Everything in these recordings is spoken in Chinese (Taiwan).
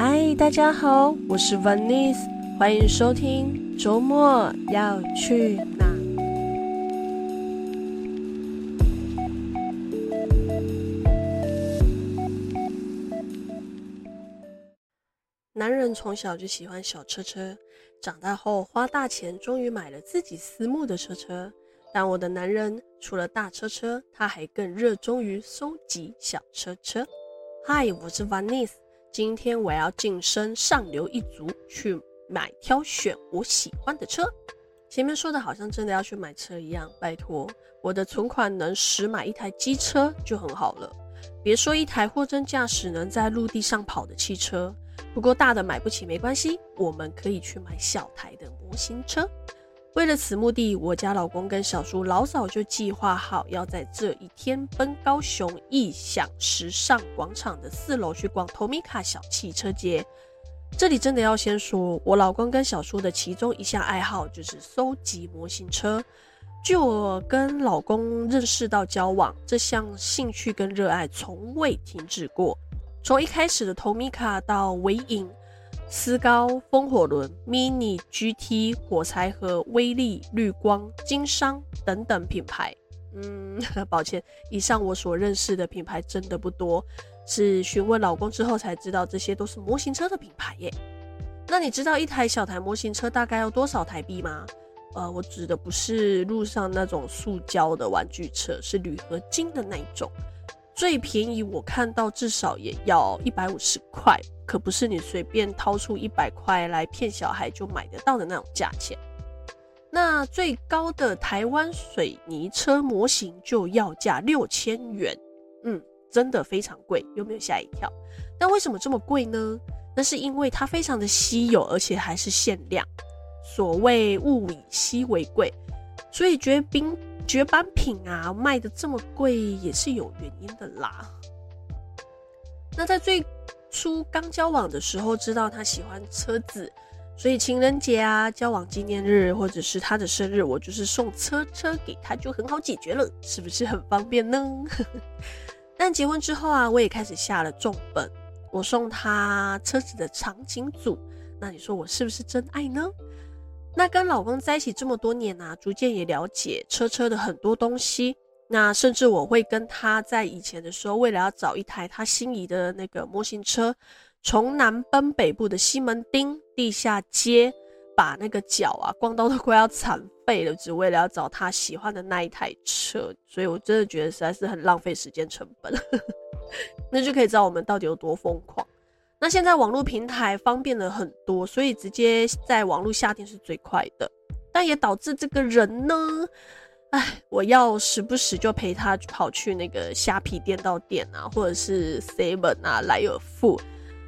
嗨，大家好，我是 Vanice，歡迎收聽周末要去哪。男人從小就喜歡小車車，長大後花大錢終於買了自己思慕的車車。但我的男人除了大車車，他還更熱衷於收集小車車。嗨，我是 Vanice。今天我要晉升上流一族，去買挑選我喜歡的車。前面說的好像真的要去買車一樣，拜託，我的存款能使買一台機車就很好了，別說一台貨真價實能在陸地上跑的汽車。不過大的買不起沒關係，我們可以去買小台的模型車。為了此目的，我家老公跟小叔老早就計劃好要在這一天奔高雄義享時尚廣場的四樓去逛 Tomica 小汽車節。這裡真的要先說，我老公跟小叔的其中一項愛好就是蒐集模型車。據我跟老公認識到交往，這項興趣跟熱愛從未停止過，從一開始的 Tomica 到微影。思高、風火輪、mini GT、火柴盒、威力、綠光、京商等等品牌。嗯，抱歉，以上我所認識的品牌真的不多，是詢問老公之後才知道這些都是模型車的品牌耶。那你知道一台小台模型車大概要多少台幣嗎？呃，我指的不是路上那種塑膠的玩具車，是鋁合金的那一種。最便宜我看到至少也要一百五十塊，可不是你隨便掏出一百塊來騙小孩就買得到的那種價錢。那最高的台灣水泥車模型就要價六千元，嗯，真的非常貴，有沒有嚇一跳？但為什麼這麼貴呢？那是因為它非常的稀有，而且還是限量，所謂物以稀為貴，所以覺得冰。絕版品啊，賣的這麼貴也是有原因的啦。那在最初剛交往的時候，知道他喜歡車子，所以情人節啊、交往紀念日或者是他的生日，我就是送車車給他，就很好解決了，是不是很方便呢？ 但結婚之後啊，我也開始下了重本，我送他車子的長情組，那你說我是不是真愛呢？那跟老公在一起這麼多年呢，啊，逐漸也了解車車的很多東西。那甚至我會跟他在以前的時候，為了要找一台他心儀的那個模型車，從南奔北部的西門町地下街，把那個腳啊，逛到都快要殘廢了，只為了要找他喜歡的那一台車。所以我真的覺得實在是很浪費時間成本。 那就可以知道我們到底有多瘋狂。那現在網絡平台方便了很多，所以直接在網絡下訂是最快的，但也導致這個人呢，哎，我要時不時就陪他跑去那個蝦皮店到店啊，或者是 Seven 啊、萊爾富，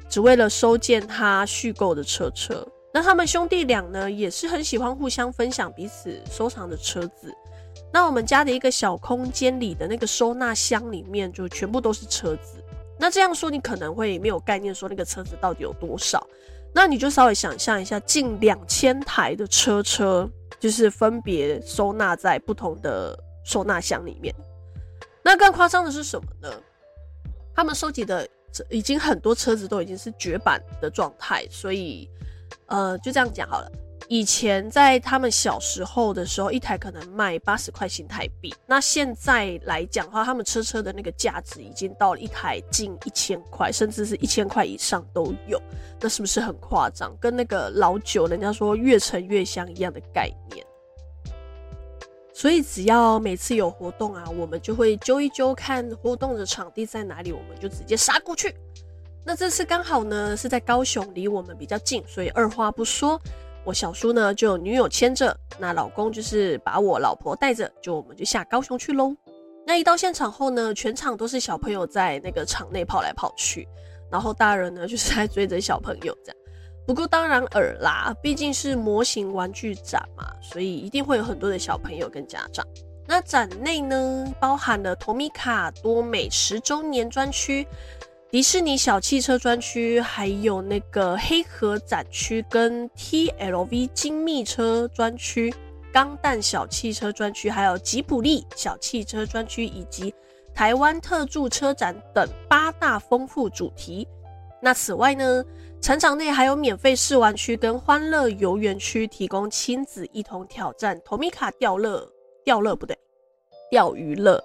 只為了收件他續購的車車。那他們兄弟倆呢，也是很喜歡互相分享彼此收藏的車子。那我們家的一個小空間裡的那個收納箱裡面，就全部都是車子。那這樣說，你可能會沒有概念，說那個車子到底有多少？那你就稍微想象一下，近兩千台的車車，就是分別收納在不同的收納箱裡面。那更誇張的是什麼呢？他們收集的已經很多車子都已經是絕版的狀態，所以，呃，就這樣講好了。以前在他們小時候的時候，一台可能賣八十塊新台幣。那現在來講的話，他們車車的那個價值已經到了一台近一千塊，甚至是一千塊以上都有。那是不是很誇張？跟那個老酒，人家說越陳越香一樣的概念。所以只要每次有活動啊，我們就會揪一揪，看活動的場地在哪裡，我們就直接殺過去。那這次剛好呢是在高雄，離我們比較近，所以二話不說。我小叔呢就有女友牽着，那老公就是把我老婆帶着，就我們就下高雄去嘍。那一到現場後呢，全場都是小朋友在那個場內跑來跑去，然後大人呢就是在追着小朋友這樣。不過當然耳啦，畢竟是模型玩具展嘛，所以一定會有很多的小朋友跟家長。那展內呢，包含了托米卡多美十周年專區。迪士尼小汽車專區，還有那個黑盒展區跟 TLV 精密車專區、鋼彈小汽車專區，還有吉卜力小汽車專區，以及台灣特助車展等八大豐富主題。那此外呢，成場內還有免費試玩區跟歡樂遊園區，提供親子一同挑戰 TOMICA 吊樂，吊樂不對。釣魚樂，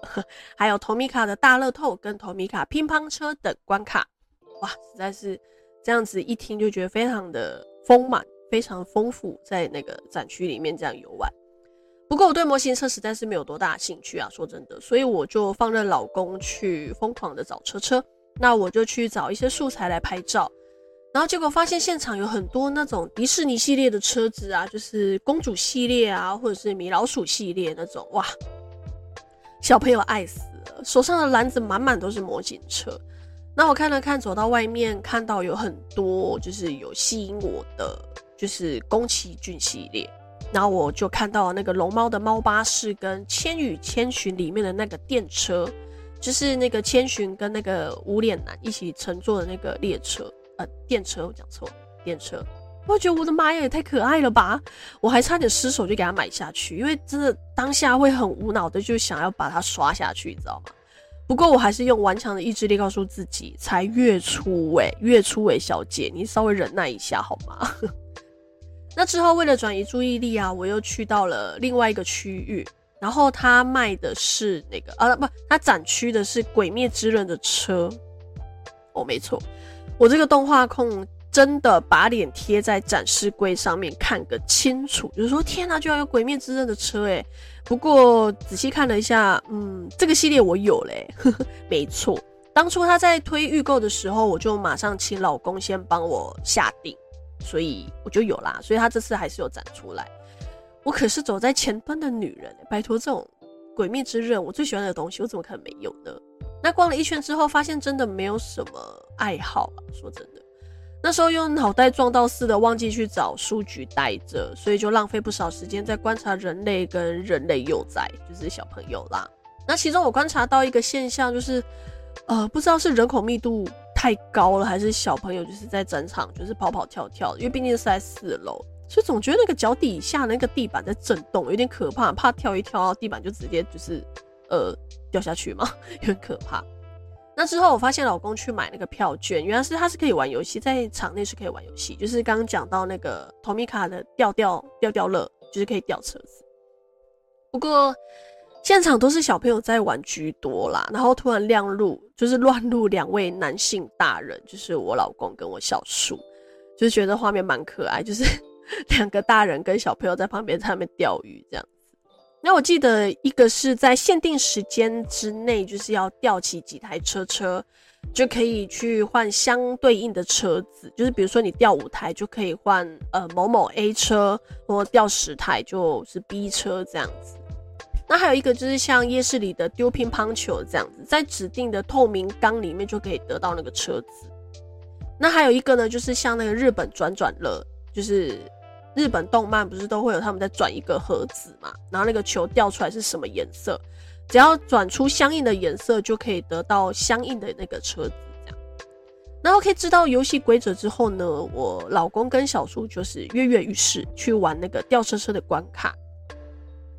還有 TOMICA 的大樂透跟 TOMICA 乒乓車等關卡，哇，實在是這樣子一聽就覺得非常的豐滿，非常豐富，在那個展區裡面這樣遊玩。不過我對模型車實在是沒有多大興趣啊，說真的，所以我就放任老公去瘋狂的找車車，那我就去找一些素材來拍照。然後結果發現現場有很多那種迪士尼系列的車子啊，就是公主系列啊，或者是米老鼠系列那種，哇。小朋友愛死了，手上的籃子滿滿都是模型車。那我看了看，走到外面，看到有很多就是有吸引我的，就是宮崎駿系列。然後我就看到那個龍貓的貓巴士跟《千與千尋》裡面的那個電車，就是那個千尋跟那個無臉男一起乘坐的那個列車，呃，電車我講錯了，電車。我覺得我的媽呀，也太可愛了吧！我還差點失手就給他買下去，因為真的當下會很無腦的就想要把它刷下去，你知道嗎？不過我還是用頑強的意志力告訴自己，才月初尾，月初尾小姐，你稍微忍耐一下好嗎？ 那之後為了轉移注意力啊，我又去到了另外一個區域，然後他賣的是那個啊不，他展區的是《鬼滅之刃》的車，哦，沒錯，我這個動畫控。真的把臉貼在展示櫃上面看個清楚，就是說天、啊，天哪，居然有《鬼滅之刃》的車哎！不過仔細看了一下，嗯，這個系列我有嘞， 沒錯。當初他在推預購的時候，我就馬上請老公先幫我下定，所以我就有啦。所以他這次還是有展出來。我可是走在前端的女人，拜托，這種《鬼滅之刃》我最喜歡的東西，我怎麼可能沒有呢？那逛了一圈之後，發現真的沒有什麼愛好了、啊，說真的。那時候用腦袋撞到似的，忘記去找書局帶著，所以就浪費不少時間在觀察人類跟人類幼崽，就是小朋友啦。那其中我觀察到一個現象，就是，呃，不知道是人口密度太高了，還是小朋友就是在展場就是跑跑跳跳，因為畢竟是在四樓，所以總覺得那個腳底下那個地板在震動，有點可怕，怕跳一跳地板就直接就是，呃，掉下去嘛，有點可怕。那之後，我發現老公去買那個票券，原來是他是可以玩遊戲，在場內是可以玩遊戲，就是剛剛講到那個 TOMICA 的釣釣釣釣樂，就是可以釣車子。不過現場都是小朋友在玩居多啦，然後突然亂入，就是亂入兩位男性大人，就是我老公跟我小叔，就覺得畫面蠻可愛，就是兩 個大人跟小朋友在旁邊在那邊釣魚這樣。那我記得一個是在限定時間之內，就是要吊起幾台車車，就可以去換相對應的車子。就是比如說你吊五台就可以換呃某某 A 車，或者吊十台就是 B 車這樣子。那還有一個就是像夜市裡的丟乒乓球這樣子，在指定的透明缸裡面就可以得到那個車子。那還有一個呢，就是像那個日本轉轉樂，就是。日本動漫不是都會有他們在轉一個盒子嘛？然後那個球掉出來是什麼顏色，只要轉出相應的顏色就可以得到相應的那個車子這樣，然後可以知道遊戲規則之後呢，我老公跟小叔就是躍躍欲試去玩那個吊車車的關卡。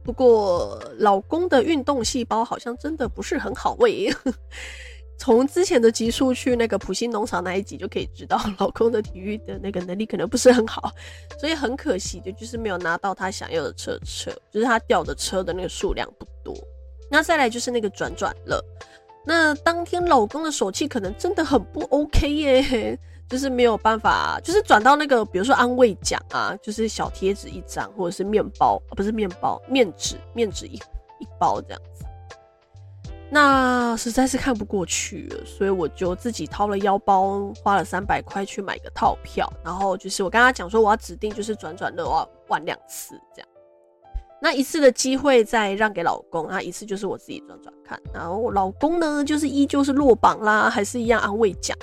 不過老公的運動細胞好像真的不是很好喂。 從之前的集數去那個普星農場那一集就可以知道，老公的體育的那個能力可能不是很好，所以很可惜的就，就是沒有拿到他想要的車車，就是他掉的車的那個數量不多。那再來就是那個轉轉了，那當天老公的手氣可能真的很不 OK 耶，欸，就是沒有辦法，就是轉到那個比如說安慰獎啊，就是小貼紙一張或者是麵包啊，不是麵包，面紙面紙一一包這樣子。那實在是看不過去了，所以我就自己掏了腰包，花了三百塊去買個套票。然後就是我跟他講說，我要指定就是轉轉樂，我要玩兩次這樣。那一次的機會再讓給老公，那一次就是我自己轉轉看。然後我老公呢，就是依舊是落榜啦，還是一樣安慰獎。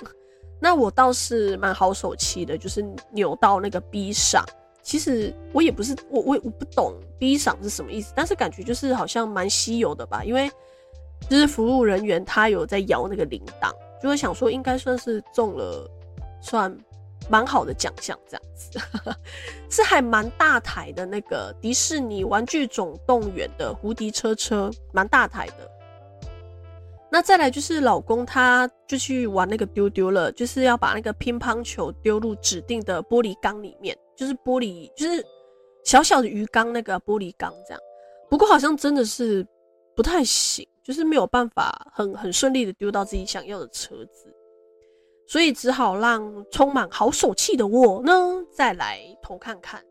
那我倒是蠻好手氣的，就是扭到那個 B 賞。其實我也不是我我我不懂 B 賞是什麼意思，但是感覺就是好像蠻稀有的吧，因為。就是服務人員，他有在搖那個鈴鐺，就會想說應該算是中了，算蠻好的獎項這樣子， 是還蠻大台的那個迪士尼《玩具總動員》的胡迪車車，蠻大台的。那再來就是老公，他就去玩那個丟丟了，就是要把那個乒乓球丟入指定的玻璃缸裡面，就是玻璃就是小小的魚缸那個玻璃缸這樣。不過好像真的是不太行。就是沒有辦法很很順利的丟到自己想要的車子，所以只好讓充滿好手氣的我呢再來投看看。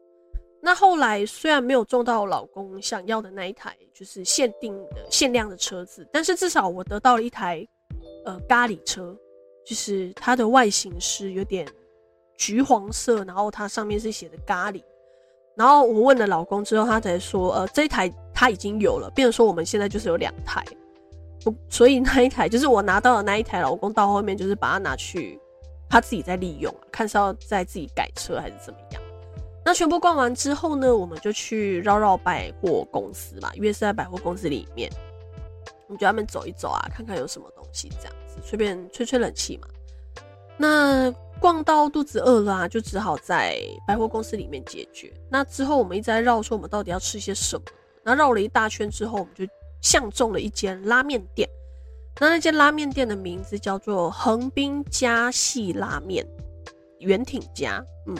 那後來雖然沒有中到老公想要的那一台，就是限定的限量的車子，但是至少我得到了一台呃咖喱車，就是它的外形是有點橘黃色，然後它上面是寫的咖喱。然後我問了老公之後，他才說，呃這一台他已經有了，變成說我們現在就是有兩台。所以那一台就是我拿到的那一台，老公到後面就是把它拿去他自己再利用啊，看是要再自己改車還是怎麼樣。那全部逛完之後呢，我們就去繞繞百貨公司嘛，因為是在百貨公司裡面，我們就在外面走一走啊，看看有什麼東西這樣子，隨便吹吹冷氣嘛。那逛到肚子餓了啊，就只好在百貨公司裡面解決。那之後我們一直在繞說，我們到底要吃些什麼？那繞了一大圈之後，我們就相中了一間拉麵店，那那間拉麵店的名字叫做橫濱家系拉麵，圓挺家。嗯，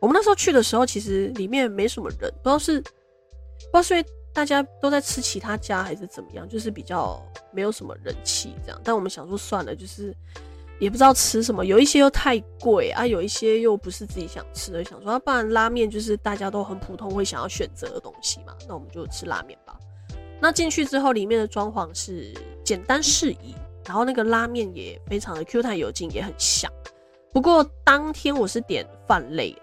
我們那時候去的時候，其實裡面沒什麼人，不知道是不知道所以大家都在吃其他家還是怎麼樣，就是比較沒有什麼人氣這樣。但我們想說算了，就是也不知道吃什麼，有一些又太貴啊，有一些又不是自己想吃的，想說、啊、不然拉麵就是大家都很普通會想要選擇的東西嘛，那我們就吃拉麵吧。那進去之後，裡面的裝潢是簡單適宜，然後那個拉麵也非常的 Q 彈有勁，也很香。不過當天我是點飯類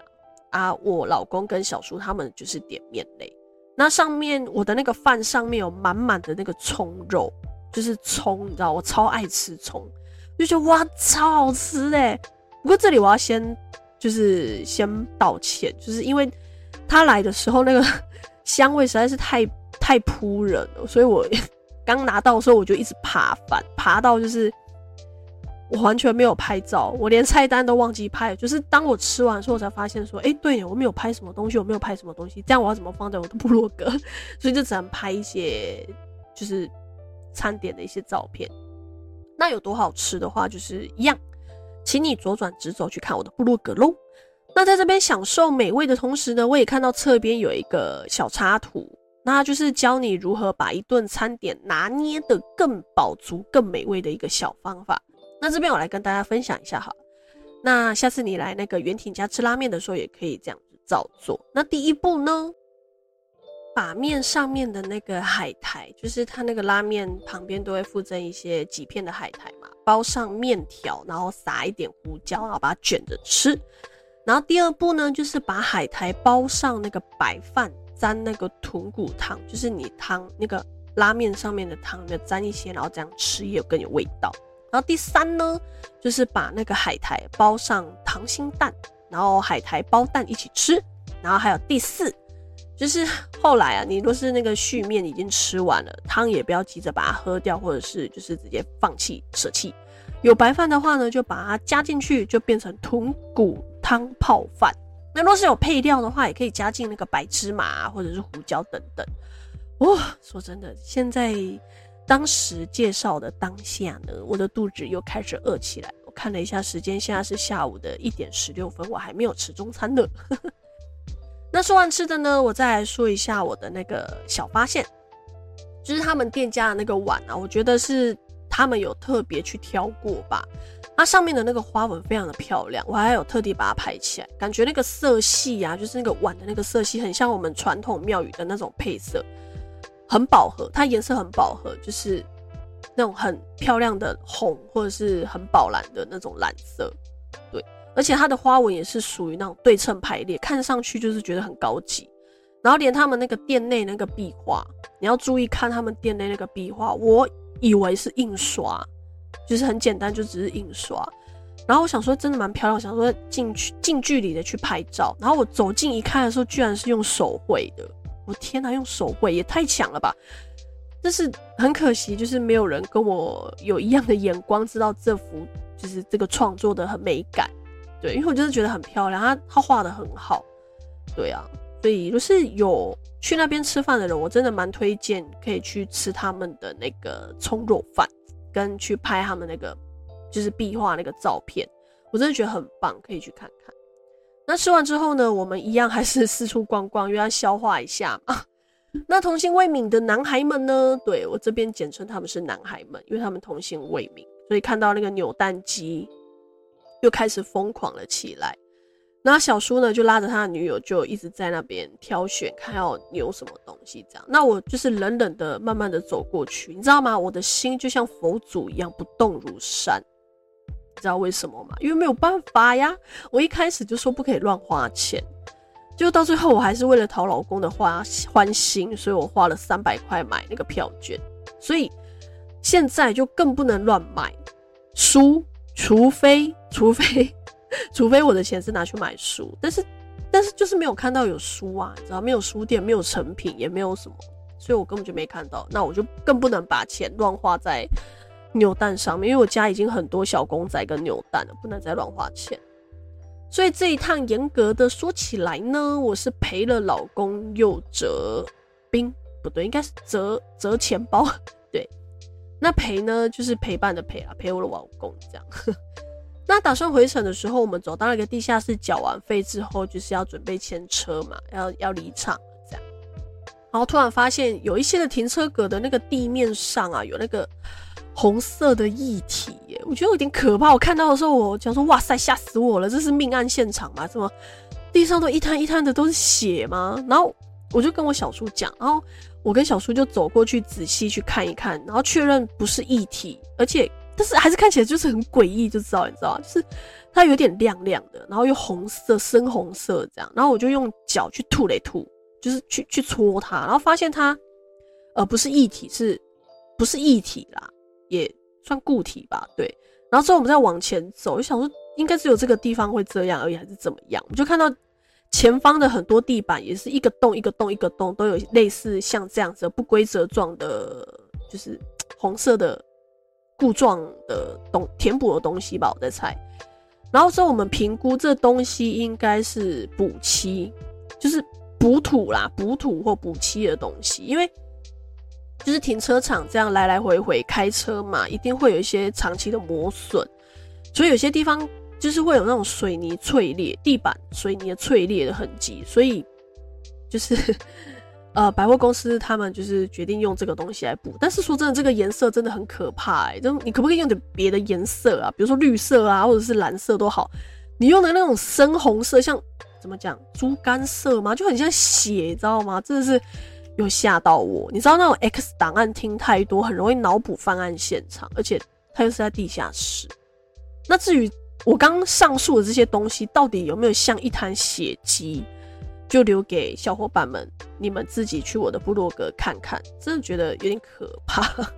啊，啊，我老公跟小叔他們就是點麵類。那上面我的那個飯上面有滿滿的那個蔥肉，就是蔥，你知道我超愛吃蔥，就覺得哇超好吃哎。不過這裡我要先就是先道歉，就是因為他來的時候那個 香味實在是太。太撲人了，所以我剛拿到的時候我就一直扒飯，扒到就是我完全沒有拍照，我連菜單都忘記拍。就是當我吃完的時候我才發現說：“哎，對，我沒有拍什麼東西，我沒有拍什麼東西。”這樣我要怎麼放在我的部落格？所以就只能拍一些就是餐點的一些照片。那有多好吃的話，就是一樣，請你左轉直走去看我的部落格嘍。那在這邊享受美味的同時呢，我也看到側邊有一個小插圖。那就是教你如何把一頓餐點拿捏得更飽足、更美味的一個小方法。那這邊我來跟大家分享一下哈。那下次你來那個袁婷家吃拉麵的時候，也可以這樣子照做。那第一步呢，把麵上面的那個海苔，就是它那個拉麵旁邊都會附贈一些幾片的海苔嘛，包上麵條，然後撒一點胡椒，然後把它捲着吃。然後第二步呢，就是把海苔包上那個白飯。沾那個豚骨湯，就是你湯那個拉麵上面的湯，就沾一些，然後這樣吃也有更有味道。然後第三呢，就是把那個海苔包上溏心蛋，然後海苔包蛋一起吃。然後還有第四，就是後來啊，你若是那個續麵已經吃完了，湯也不要急着把它喝掉，或者是就是直接放棄捨棄。有白飯的話呢，就把它加進去，就變成豚骨湯泡飯。那若是有配料的話，也可以加進那個白芝麻啊，或者是胡椒等等。哇、哦，說真的，現在當時介紹的當下呢，我的肚子又開始餓起來。我看了一下時間，現在是下午的一點十六分，我還沒有吃中餐呢。 那說完吃的呢，我再來說一下我的那個小發現，就是他們店家的那個碗啊，我覺得是他們有特別去挑過吧。它上面的那個花紋非常的漂亮，我還有特地把它拍起來，感覺那個色系呀、啊，就是那個碗的那個色系，很像我們傳統廟宇的那種配色，很飽和，它顏色很飽和，就是那種很漂亮的紅或者是很寶藍的那種藍色，對，而且它的花紋也是屬於那種對稱排列，看上去就是覺得很高級。然後連他們那個店內那個壁畫，你要注意看他們店內那個壁畫，我以為是印刷。就是很簡單，就只是印刷。然後我想說，真的蠻漂亮。我想說近近距離的去拍照。然後我走近一看的時候，居然是用手繪的。我天吶，用手繪也太強了吧！但是很可惜，就是沒有人跟我有一樣的眼光，知道這幅就是這個創作的很美感。對，因為我就是覺得很漂亮，他他畫的很好。對啊，所以就是有去那邊吃飯的人，我真的蠻推薦可以去吃他們的那個蔥肉飯。跟去拍他們那個，就是壁畫那個照片，我真的覺得很棒，可以去看看。那吃完之後呢，我們一樣還是四處逛逛，又要消化一下嘛。 那童心未泯的男孩們呢？對，我這邊簡稱他們是男孩們，因為他們童心未泯，所以看到那個扭蛋機又開始瘋狂了起來。那小叔呢，就拉着他的女友，就一直在那邊挑選，看要扭什麼東西這樣。那我就是冷冷的、慢慢的走過去，你知道嗎？我的心就像佛祖一樣不動如山。你知道為什麼嗎？因為沒有辦法呀。我一開始就說不可以亂花錢，結果到最後我還是為了討老公的花歡心，所以我花了三百塊買那個票券。所以現在就更不能亂買書，除非，除非。 除非我的錢是拿去買書，但是，但是就是沒有看到有書啊，你知道沒有書店，沒有成品，也沒有什麼，所以我根本就沒看到。那我就更不能把錢亂花在扭蛋上面，因為我家已經很多小公仔跟扭蛋了，不能再亂花錢。所以這一趟嚴格的說起來呢，我是陪了老公又折兵，不對，應該是折折錢包。對，那陪呢就是陪伴的陪啊，陪我的老公這樣。那打算回程的時候，我們走到那個地下室，繳完費之後，就是要準備牽車嘛，要要離場這樣。然後突然發現有一些的停車格的那個地面上啊，有那個紅色的液體，耶，我覺得有點可怕。我看到的時候，我講說：“哇塞，嚇死我了，這是命案現場嗎？怎麼地上都一灘一灘的都是血嗎？”然後我就跟我小叔講，然後我跟小叔就走過去仔細去看一看，然後確認不是液體，而且。就是還是看起來就是很詭異，就知道你知道就是它有點亮亮的，然後又紅色、深紅色這樣。然後我就用腳去吐嘞吐，就是去去搓它，然後發現它呃不是液體，是不是液體啦？也算固體吧，對。然後之後我們再往前走，我想說應該只有這個地方會這樣而已，還是怎麼樣？我就看到前方的很多地板也是一個洞一個洞一個洞，一個洞都有類似像這樣子的不規則狀的，就是紅色的。故障的東填補的東西吧，我在猜。然後之後我們評估這東西應該是補漆，就是補土啦，補土或補漆的東西。因為就是停車場這樣來來回回開車嘛，一定會有一些長期的磨損，所以有些地方就是會有那種水泥脆裂，地板水泥的脆裂的痕跡，所以就是。 呃，百貨公司他們就是決定用這個東西來補，但是說真的，這個顏色真的很可怕欸，就你可不可以用點別的顏色啊？比如說綠色啊，或者是藍色都好。你用的那種深紅色，像怎麼講，豬肝色嗎？就很像血，你知道嗎？真的是，有嚇到我。你知道那種 X 檔案聽太多，很容易腦補犯案現場，而且它又是在地下室。那至於我剛上述的這些東西，到底有沒有像一灘血跡？就留給小夥伴們，你們自己去我的部落格看看，真的覺得有點可怕。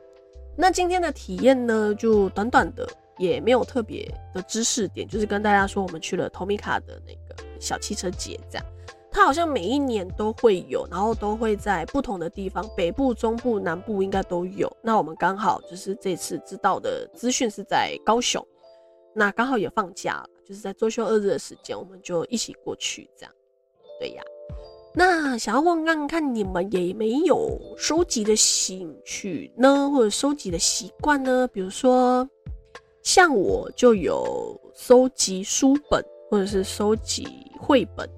那今天的體驗呢，就短短的，也沒有特別的知識點，就是跟大家說，我們去了 ＴＯＭＩＣＡ 的那個小汽車節，這樣。它好像每一年都會有，然後都會在不同的地方，北部、中部、南部應該都有。那我們剛好就是這次知道的資訊是在高雄，那剛好也放假了，就是在周休二日的時間，我們就一起過去這樣。對呀、啊，那想要問看看你們有沒有收集的興趣呢，或者收集的習慣呢？比如說，像我就有收集書本或者是收集繪本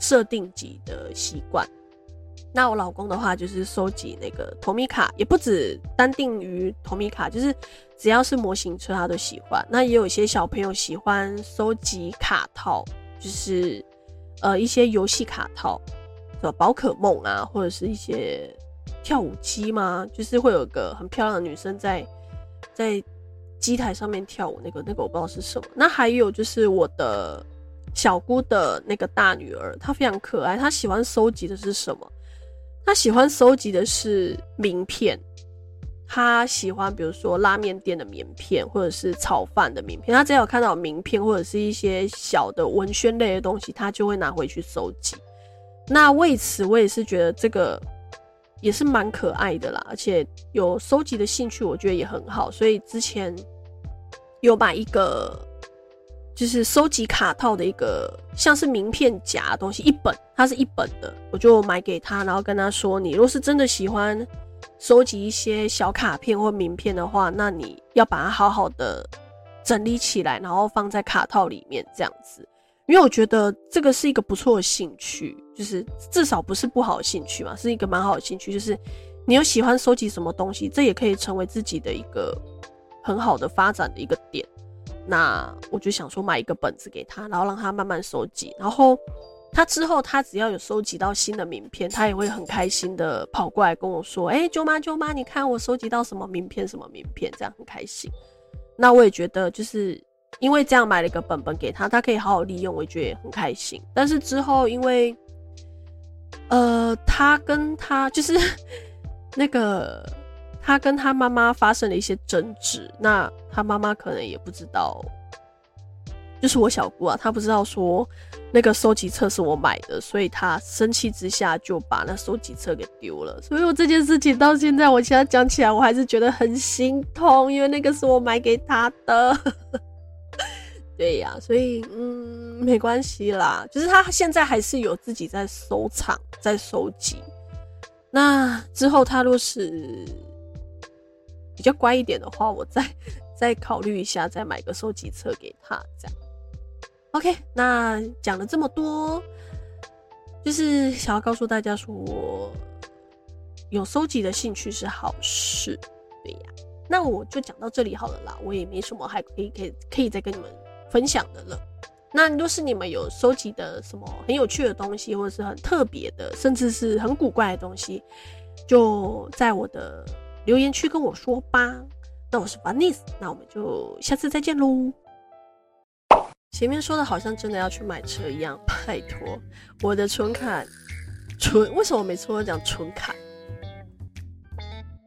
設定集的習慣。那我老公的話就是收集那個托米卡，也不止單定於托米卡，就是只要是模型車，他都喜歡。那也有一些小朋友喜歡收集卡套，就是。呃，一些遊戲卡套，什麼寶可夢啊，或者是一些跳舞機嗎？就是會有一個很漂亮的女生在在機台上面跳舞，那個那個我不知道是什麼。那還有就是我的小姑的那個大女兒，她非常可愛，她喜歡收集的是什麼？她喜歡收集的是名片。他喜歡，比如說拉麵店的名片，或者是炒飯的名片。他只要有看到名片或者是一些小的文宣類的東西，他就會拿回去收集。那為此，我也是覺得這個也是蠻可愛的啦，而且有收集的興趣，我覺得也很好。所以之前有買一個就是收集卡套的一個像是名片夾的東西一本，它是一本的，我就買給他，然後跟他說：“你如果是真的喜歡。”收集一些小卡片或名片的話，那你要把它好好的整理起來，然後放在卡套裡面這樣子。因為我覺得這個是一個不錯的興趣，就是至少不是不好的興趣嘛，是一個蠻好的興趣，就是你有喜歡收集什麼東西，這也可以成為自己的一個很好的發展的一個點。那我就想說買一個本子給他，然後讓他慢慢收集，然後。他之後，他只要有收集到新的名片，他也會很開心的跑過來跟我說：“哎、欸，舅媽，舅媽，你看我收集到什麼名片，什麼名片？”這樣很開心。那我也覺得，就是因為這樣買了一個本本給他，他可以好好利用，我也覺得也很開心。但是之後，因為，呃，他跟他就是那個他跟他媽媽發生了一些爭執，那他媽媽可能也不知道。就是我小姑啊，她不知道說那個收集冊是我買的，所以她生氣之下就把那收集冊給丟了。所以我這件事情到現在，我現在講起來我還是覺得很心痛，因為那個是我買給她的。 對呀、啊，所以嗯，沒關係啦，就是她現在還是有自己在收藏、在收集。那之後她若是比較乖一點的話，我再再考慮一下，再買個收集冊給她，這樣。OK，那講了這麼多，就是想要告訴大家說，我有收集的興趣是好事，對呀。那我就講到這裡好了啦，我也沒什麼還可以可以可以再跟你們分享的了。那若是你們有收集的什麼很有趣的東西，或者是很特別的，甚至是很古怪的東西，就在我的留言區跟我說吧。那我是 Vanice，那我們就下次再見嘍。前面說的好像真的要去買車一樣，拜託，我的存款，存，為什麼我每次都講存款？